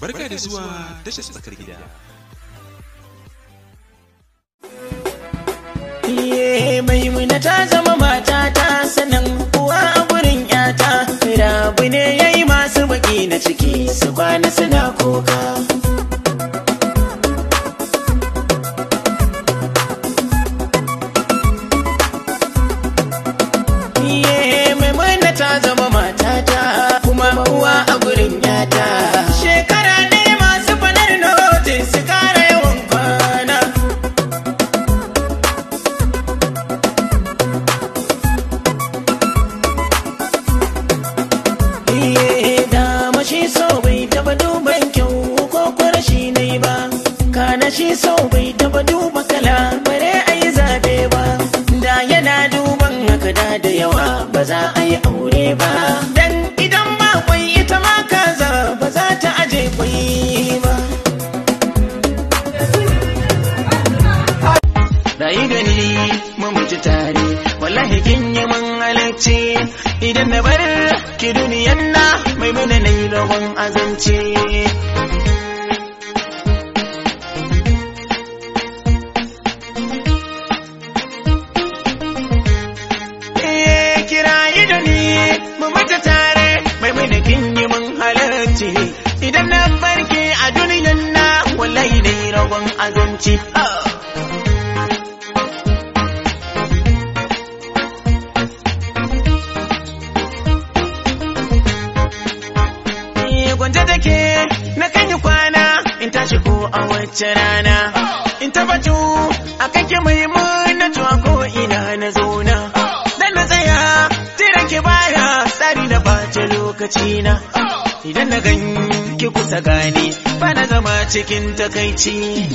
Barka da zuwa tashar tsakar gida. Iye maimuna ta zama mata ta sanan uwa a gurin yata. Rabu ne ya yi masu baki na ciki su kwana suna kuka. da yawa ba za a yi aure ba dan idan ba kwai ita ma kaza ba za ta aje kwai ba rayu da ni mutu tare wallahi kin yi mun halarci idan na bar ki duniyan na mai munanan rawan azance kwalai ne ragon azanci eh, Gwanje take na kan yi kwana in tashi ko a wacce rana in tabbatu a kake mai na tuwa ko ina na zauna dan na tsaya tiran ki baya tsari na bace lokaci na idan na ki kusa gani ba na zama cikin takaici